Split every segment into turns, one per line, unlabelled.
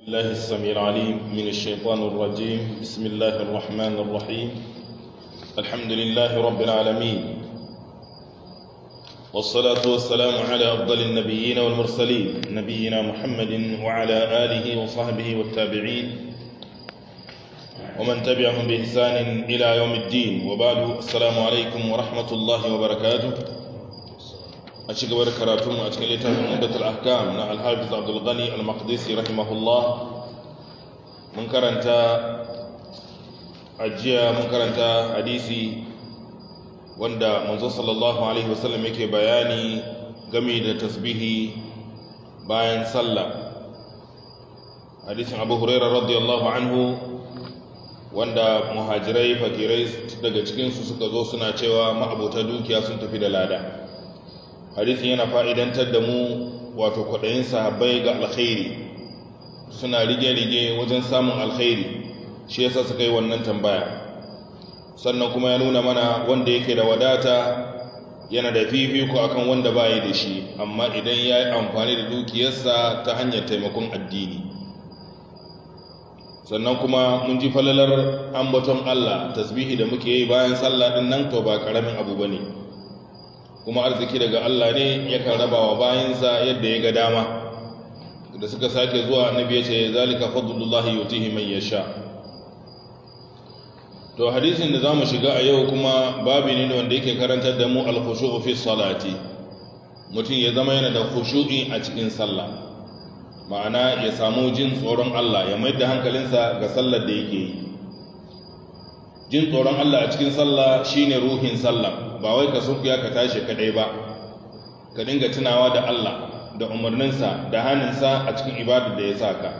الله السميع العليم من الشيطان الرجيم بسم الله الرحمن الرحيم الحمد لله رب العالمين والصلاة والسلام على أفضل النبيين والمرسلين نبينا محمد وعلى آله وصحبه والتابعين ومن تبعهم بإحسان إلى يوم الدين وبعد السلام عليكم ورحمة الله وبركاته a ci gaba da karatunmu a cikin littafin umdatul ahkam na alhafiz abdul ghani al-maqdisi rahimahullah mun karanta ajiya mun karanta hadisi wanda manzo sallallahu alaihi wasallam yake bayani game da tasbihi bayan sallah hadisin abu hurairah radiyallahu anhu wanda muhajirai fakirai daga cikinsu suka zo suna cewa ma'abota dukiya sun tafi da lada hadisin yana fa'idantar da mu wato kwaɗayin sahabbai ga alkhairi suna rige-rige wajen samun alkhairi shi yasa suka yi wannan tambaya sannan kuma ya nuna mana wanda yake da wadata yana da fifiko akan wanda bayi da shi amma idan ya yi amfani da dukiyarsa ta hanyar taimakon addini sannan kuma mun ji falalar ambaton Allah tasbihi da muke yi bayan sallah din nan to ba karamin abu bane ne kuma arziki daga Allah ne yakan wa bayansa yadda ya ga dama da suka sake zuwa annabi ya ce zalika fadlullahi yutihi man yasha to hadisin da zamu shiga a yau kuma babu ne wanda yake karantar da mu al-khushu'u fi salati mutum ya zama yana da khushu'i a cikin sallah ma'ana ya samu jin tsoron Allah ya mai da hankalinsa ga sallar da yake yi jin tsoron Allah a cikin sallah shine ruhin sallah ba wai ka sunkuya ka tashi kaɗai ba ka dinga tunawa da Allah da umarninsa da haninsa a cikin ibada da ya sa saka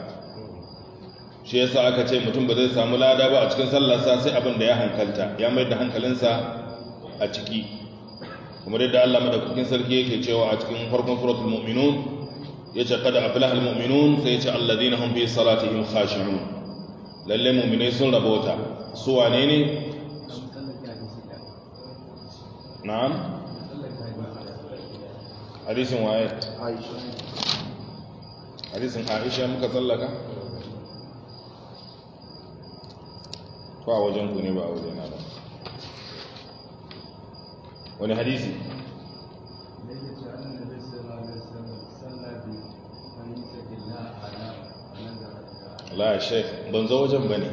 shi yasa aka ce mutum ba zai samu lada ba a cikin sallah sa sai abin da ya hankalta ya mai da hankalinsa a ciki kuma da Allah madaukakin sarki yake cewa a cikin farkon suratul mu'minun yace qad aflaha al mu'minun sai yace alladhina hum bi salatihim khashi'un lalle muminai sun rabota su wane ne na'am hadisin waye hadisin aisha muka tsallaka ko a wajen ku ne ba a wajen na ba wani hadisi ya shek ban zo wajen ba ne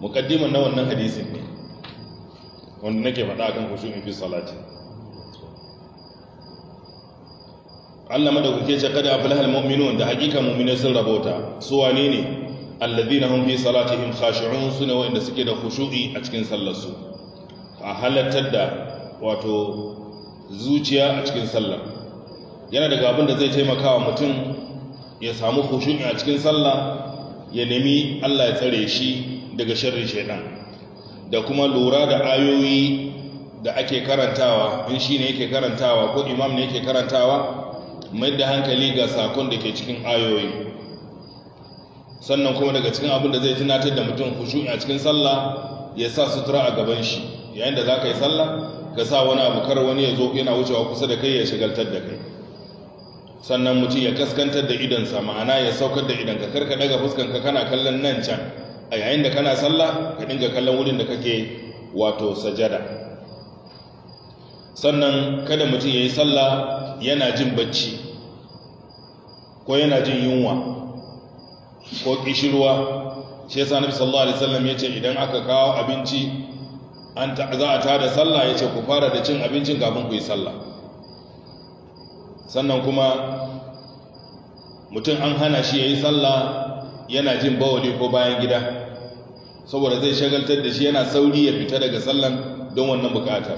mukaddiman na wannan hadisin ne wanda nake faɗa akan khushu'i fi salati Allah kuke ce kada aflahal mu'minun da hakika mu'mine sun rabota su wane ne alladhina hum fi salatihim khashi'un sune wanda suke da khushu'i a cikin sallarsu, a halattar da wato zuciya a cikin sallar yana daga abin da zai taimaka wa mutum ya samu kushu'i a cikin sallah ya nemi Allah ya tsare shi daga sharri shaidan da kuma lura da ayoyi da ake karantawa in shi ne yake karantawa ko imam ne yake karantawa mai da hankali ga sakon da ke cikin ayoyi sannan kuma daga cikin abin da zai tunatar da mutum kushu'i a cikin sallah ya sa sutura a gaban shi yayin da za ka yi sallah ka sa wani abu kar wani ya zo yana wucewa kusa da kai ya shigaltar da kai sannan mutum ya kaskantar da idonsa ma'ana ya saukar da idan ka karka daga fuskanka kana kallon nan can a yayin da kana sallah ka dinga kallon wurin da kake wato sajada sannan kada mutum ya yi sallah yana jin bacci ko yana jin yunwa ko kishirwa shi yasa nabi sallallahu alaihi wasallam yace idan aka kawo abinci an za a tada sallah yace ku fara da cin abincin kafin ku yi sallah sannan kuma mutum an hana shi ya yi sallah yana jin bawali ko bayan gida saboda zai shagaltar da shi yana sauri ya fita daga sallan don wannan bukata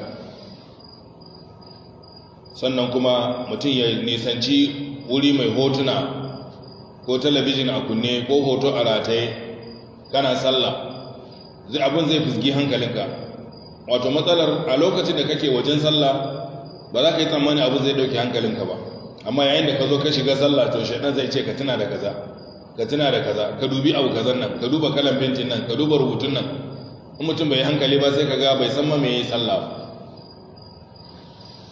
sannan kuma mutum ya nisanci wuri mai hotuna ko talabijin a kunne ko hoto a rataye kana sallah abin zai fusgi hankalinka wato matsalar a lokacin da kake wajen sallah ba za ka yi tsammani abin zai ɗauki hankalinka ba amma yayin da ka zo ka shiga zalla to shaidan zai ce ka tuna da kaza ka tuna da kaza ka dubi abu kazan nan ka duba kalan bintin nan ka duba rubutun nan in mutum bai hankali ba sai ka ga bai san ma me yayi sallah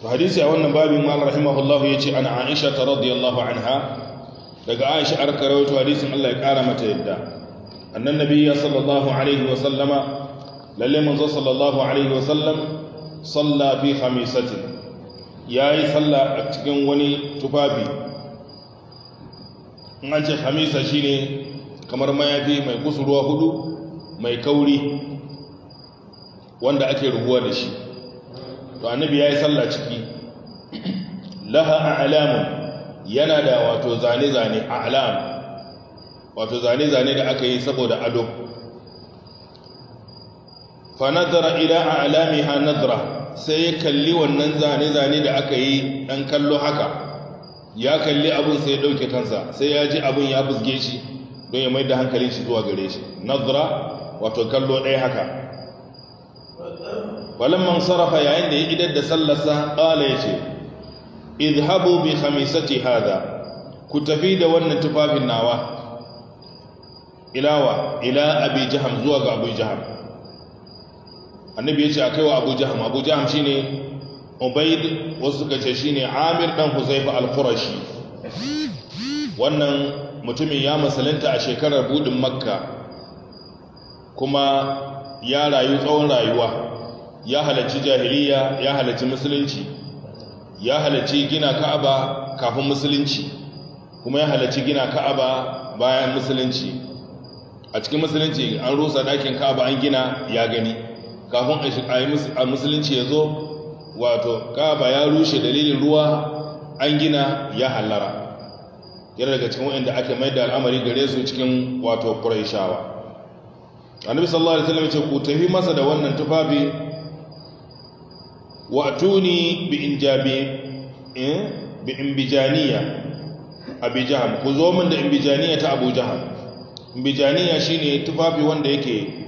to hadisi a wannan babin mal rahimahullahu yace an Aisha ta radiyallahu anha daga Aisha ar karawatu hadisin Allah ya kara mata yadda annan ya sallallahu alaihi wa sallama lalle manzo sallallahu alaihi wa sallam salla bi khamisatin ya yi sallah a cikin wani tufafi in an ce hamisa shi ne kamar mayafi mai kusurwa hudu mai kauri wanda ake rubuwa da shi to annabi ya yi sallah ciki laha a alamun yana da wato zane-zane a alam wato zane-zane da aka yi saboda ado fa nazara ila a alami ha nazara sai ya kalli wannan zane-zane da aka yi ɗan kallo haka ya kalli abin sai ya ɗauke kansa sai ya ji abin ya buzge shi don ya mai da hankalin shi zuwa gare shi nazara wato kallo ɗaya haka man sarrafa yayin da ya idar da sallarsa ƙala ya ce izhabu bi khamisati hada ku tafi da wannan tufafin nawa ilawa ila abi jaham zuwa ga abu jaham annabi ya ce a kaiwa abu jaham abu jaham shi ne Obaid wasu suka ce shi ne amir ɗan huzaifa al-qurashi wannan mutumin ya musulunta a shekarar budin makka kuma ya rayu tsawon rayuwa ya halarci jahiliya ya halarci musulunci ya halarci gina ka'aba kafin musulunci kuma ya halarci gina ka'aba bayan musulunci a cikin musulunci an rusa ɗakin ka'aba an gina ya gani kafin a musulunci ya zo wato kaba ya rushe dalilin ruwa an gina ya hallara yana daga cikin wa'anda ake mai da al'amari gare su cikin wato ƙuraishawa annabi sallallahu alaihi wasallam ce ku tafi masa da wannan tufafi wa atuni bi injabi in eh, bi imbijaniya ku zo min da imbijaniya ta abu jaham imbijaniya shine tufafi wanda yake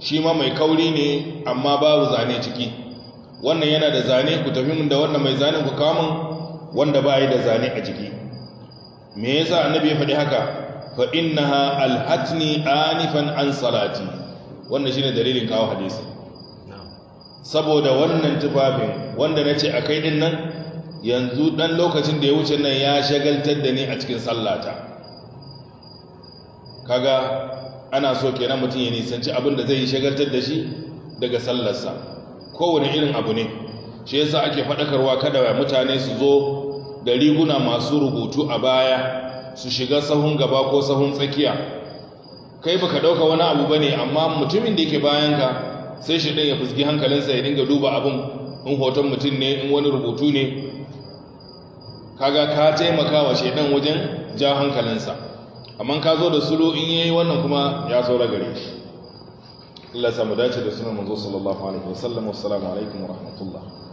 shi ma mai kauri ne amma babu zane ciki wannan yana da zane ku tafi min da wannan mai zane ku kamun wanda ba da zane a ciki. me yasa annabi ya faɗi haka fa innaha alhatni anifan an salati wannan shine dalilin kawo hadisi saboda wannan tufafin wanda nace akai din nan yanzu dan lokacin da ya wuce nan ya shagaltar da ni a cikin sallata kaga ana so kenan mutum ya nisanci abin da zai yi shagaltar da shi daga sallarsa kowane irin abu ne shi yasa ake faɗakarwa kada mutane su zo da riguna masu rubutu a baya su shiga sahun gaba ko sahun tsakiya kai baka ɗauka wani abu ba ne, amma mutumin da yake ka sai shi ɗin ya fuski hankalinsa ya dinga duba abin in hoton mutum ne in wani rubutu ne kaga ka taimaka wa shaidan wajen ja hankalinsa amma ka zo da sulu in yayi wannan kuma ya saura gare shi Allah ya samu dace da sunan manzo sallallahu alaihi wasallam assalamu alaikum wa rahmatullah